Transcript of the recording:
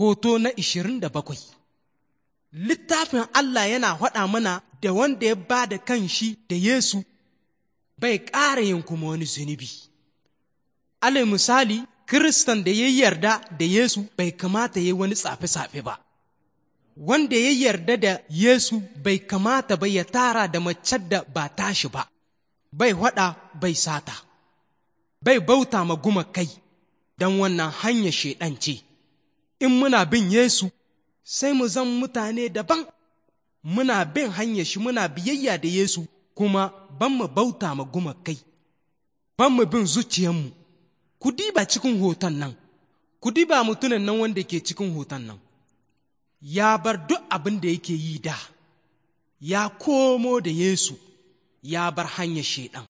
hoto na 27 littafin Allah yana faɗa mana da wanda ya ba da kan shi da Yesu bai ƙara yin kuma wani zunubi. Alai misali, Kiristan da ya yarda da Yesu bai kamata ya wani tsafe safe ba. Wanda ya yarda da Yesu bai kamata bai ya tara da mace da ba tashi ba, bai haɗa bai sata, bai bauta ma guma kai, don wannan hanyar shaiɗance. ce. in muna bin Yesu sai mu zan mutane daban muna bin hanyar shi muna biyayya da Yesu kuma ban mu bauta ma guma kai, ban mu bin zuciyarmu ku diba cikin hoton nan ku diba mutunan nan wanda ke cikin hoton nan ya bar duk abin da yake yi da ya komo da Yesu ya bar hanyar shaidan